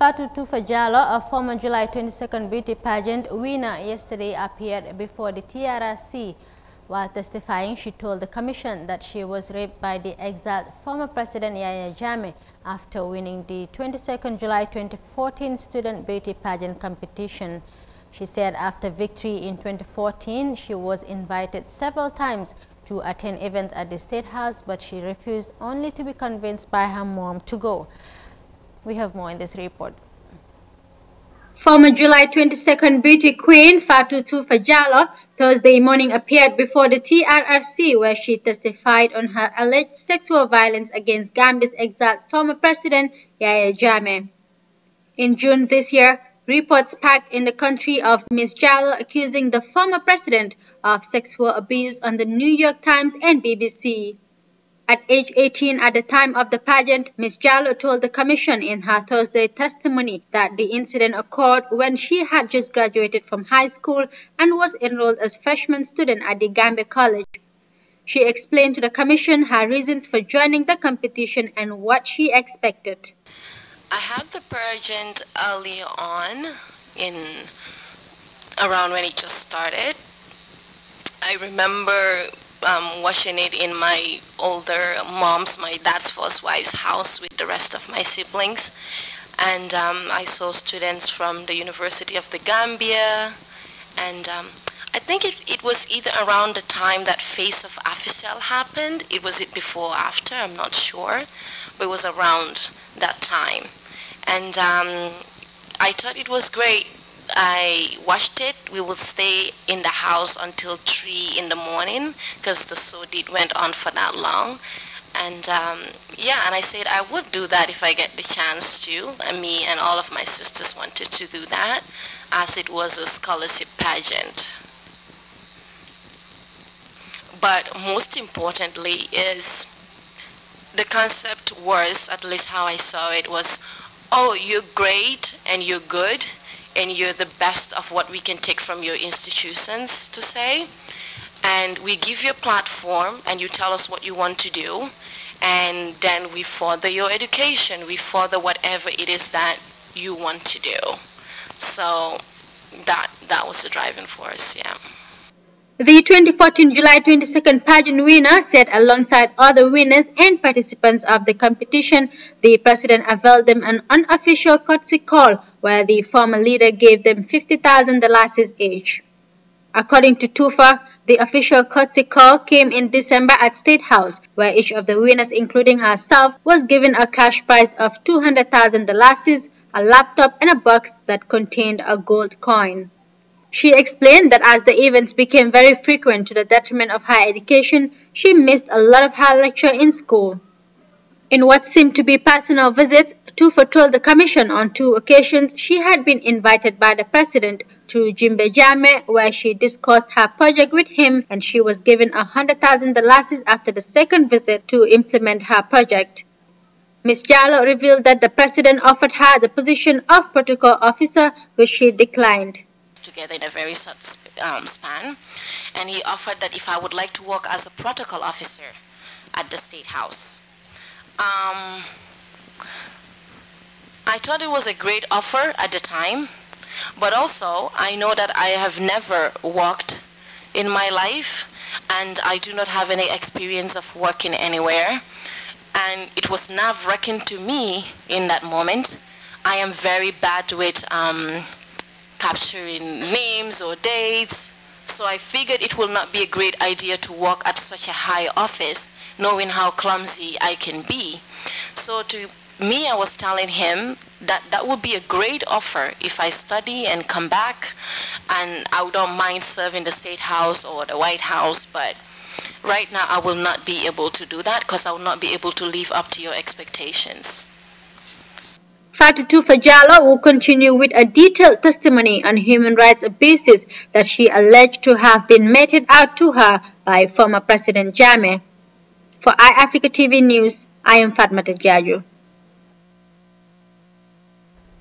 Patutu Fajalo, a former July 22nd beauty pageant winner yesterday appeared before the TRC. While testifying, she told the commission that she was raped by the exiled former President Yaya Jammeh after winning the 22nd July 2014 student beauty pageant competition. She said after victory in 2014, she was invited several times to attend events at the State House, but she refused only to be convinced by her mom to go. We have more in this report. Former July 22nd beauty queen Fatutu Fajalo Thursday morning appeared before the TRRC where she testified on her alleged sexual violence against Gambia's exiled former president Yahya Jammeh. In June this year, reports packed in the country of Ms. Jallo accusing the former president of sexual abuse on the New York Times and BBC. At age 18 at the time of the pageant, Ms. Jallo told the commission in her Thursday testimony that the incident occurred when she had just graduated from high school and was enrolled as freshman student at the Gambia College. She explained to the commission her reasons for joining the competition and what she expected. I had the pageant early on in around when it just started. I remember um, washing it in my older mom's, my dad's first wife's house with the rest of my siblings. And um, I saw students from the University of the Gambia. And um, I think it, it was either around the time that Face of Aficel happened. It was it before or after, I'm not sure. But it was around that time. And um, I thought it was great I washed it. We would stay in the house until three in the morning because the so did went on for that long. And um, yeah, and I said I would do that if I get the chance to. And me and all of my sisters wanted to do that, as it was a scholarship pageant. But most importantly is the concept was, at least how I saw it, was, oh, you're great and you're good, and you're the best of what we can take from your institutions to say. And we give you a platform and you tell us what you want to do. And then we further your education. We further whatever it is that you want to do. So that, that was the driving force, yeah. The 2014 July 22nd pageant winner sat alongside other winners and participants of the competition. The president availed them an unofficial courtesy call where the former leader gave them 50,000 dollars each. According to Tufa, the official courtesy call came in December at State House, where each of the winners, including herself, was given a cash prize of $200,000, a laptop, and a box that contained a gold coin. She explained that as the events became very frequent to the detriment of her education, she missed a lot of her lecture in school. In what seemed to be personal visits, Tufa told the commission on two occasions she had been invited by the president to Jimbejame where she discussed her project with him and she was given a 100,000 dollars after the second visit to implement her project. Ms. Jallo revealed that the president offered her the position of protocol officer, which she declined together in a very short sp um, span. And he offered that if I would like to work as a protocol officer at the State House. Um, I thought it was a great offer at the time, but also I know that I have never worked in my life and I do not have any experience of working anywhere. And it was nerve wracking to me in that moment. I am very bad with um, capturing names or dates. So I figured it will not be a great idea to work at such a high office, knowing how clumsy I can be. So to me, I was telling him that that would be a great offer if I study and come back, and I don't mind serving the State House or the White House, but right now I will not be able to do that because I will not be able to live up to your expectations. Fatu Fajala will continue with a detailed testimony on human rights abuses that she alleged to have been meted out to her by former President Jammeh. For iAfrica TV News, I am Fatma Tajaju.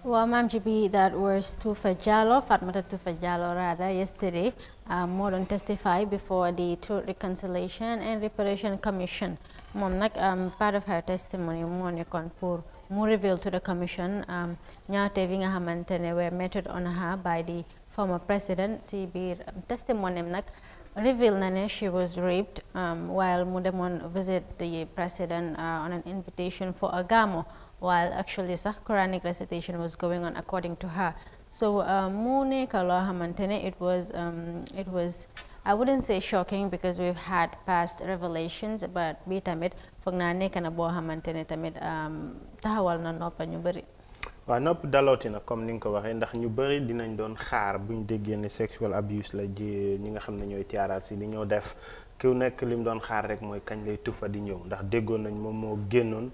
Well, Ma'am GB, that was Tufa Jalo, Fatmata Tufa Jalo rather, yesterday. Um, uh, more than testified before the Truth Reconciliation and Reparation Commission. Mom, um, part of her testimony, Monia Kanpur mu revealed to the commission ñaawteef um, yi hamantene were meted on her by the former president si biir um, testimony nak nag reveal she was raped um, while mu visit the president uh, on an invitation for a gamo while actually sax Quranic recitation was going on according to her so mu nekk loo it was it was I wouldn't say shocking because we've had past revelations, but bi tamit foog naa nekk na boo xamante ne tamit taxawal na noppa ñu bëri. waaw nopp dalooti na comme ni nga ko waxee ndax ñu bëri dinañ doon xaar bu ñu ne sexual abuse la ji ñi nga xam ne ñooy tiyaaraal si li ñoo def ku nekk li mu doon xaar rek mooy kañ lay tufa di ñëw ndax déggoon nañ moom moo génnoon.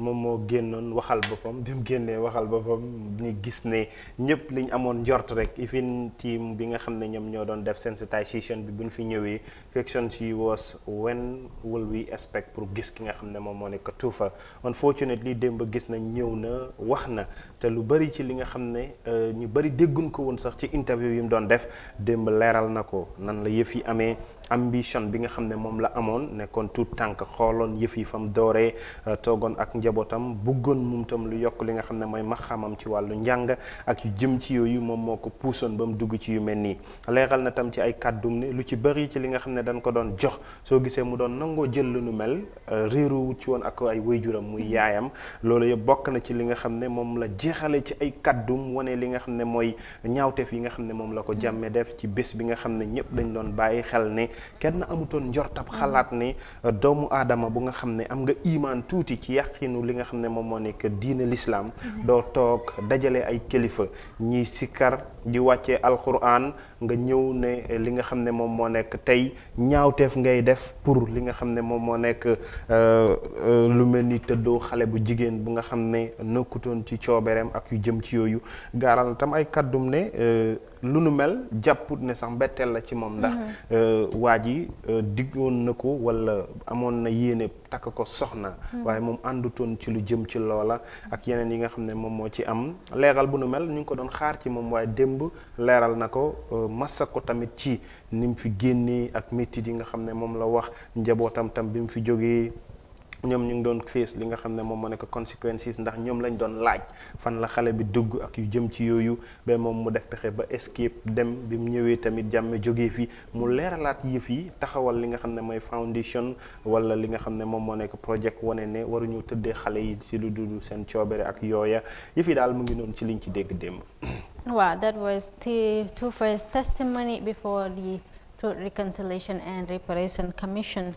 moom moo génnoon waxal boppam bi mu génnee waxal boppam ni gis ne ñëpp ñu amoon njort rek even team bi nga xam ne ñoom ñoo doon def sensitization bi bu ñu fi ñëwee question she was when will we expect pour gis ki nga xam ne moom moo ne nekk Tuufa unfortunately démb gis na ñëw na wax na te lu bari ci li nga xam ne euh, ñu bari dégguñ ko woon sax ci interview yi mu doon def démb leeral na ko nan la yëf yi amee ambition bi nga xam ne moom la amoon nekkoon tout tànk xooloon yëf yi fam dooree euh, toogoon ak njabootam buggoon moom tam lu yokk li nga xam ne mooy maxamam ci wàllu njàng ak jëm ci yooyu moom moo ko puusoon ba mu dugg ci yu mel nii leeral na tam ci ay kàddum ne lu ci bëri ci li nga xam ne dañ ko doon jox soo gisee mu doon nangoo jël lu nu mel euh, réeru ci woon ak ay wayjuram muy yaayam loolu bokk na ci li nga xam ne moom la jeexale ci ay kàddum wane li nga xam ne mooy ñaawteef yi nga xam ne moom la ko jàmme def ci bés bi nga xam ne ñëpp dañ doon bàyyi xel ne kenn amutoon njortab xalaat ne euh, doomu aadama bu nga xam ne am nga imaan tuuti ci yàqinu li nga xam ne moom moo nekk diina lislaam mhm. doo toog dajale ay kilifa ñiy sikkar di wàccee alquran nga ñëw ne li nga xam ne moom moo nekk tey ñaawteef ngay def pour li nga xam ne moom moo nekk euh, euh, lu mel ni tëddoo xale bu jigéen bu nga xam ne nëkkutoon ci coobereem ak yu jëm ci yooyu gaaral tam ay kàddum ne euh, lu nu mel jàpput ne sax mbetteel la ci moom ndax mm-hmm. waa ji diggoon na ko walla amoon na yéene takk ko soxna mm-hmm. waaye moom àndutoon ci lu jëm ci loola ak yeneen yi nga xam ne moom moo ci am leeral bu nu mel ñu ko doon xaar ci moom waaye démb démb leral nako euh, massa ko tamit ci ni fi génnee ak metti di nga xamné mom la wax njabotam tam bim fi joggé ñom ñu ngi doon face li nga xam mom moom moo consequences ndax ñom lañ doon laaj fan la xalé bi dugg ak yu jëm ci yoyu be mom mu def pexé ba escape dem bi mu ñëwee tamit jàmme joggé fi mu léralat yëf yi taxawal li nga moy foundation wala li nga xam mom moom moo project project né waru ñu tëddee xalé yi ci lu du seen ciobéré ak yoya yëf yi dal mu ngi noon ci liñ ci dégg dem Wow, that was the two first testimony before the Truth Reconciliation and Reparation Commission.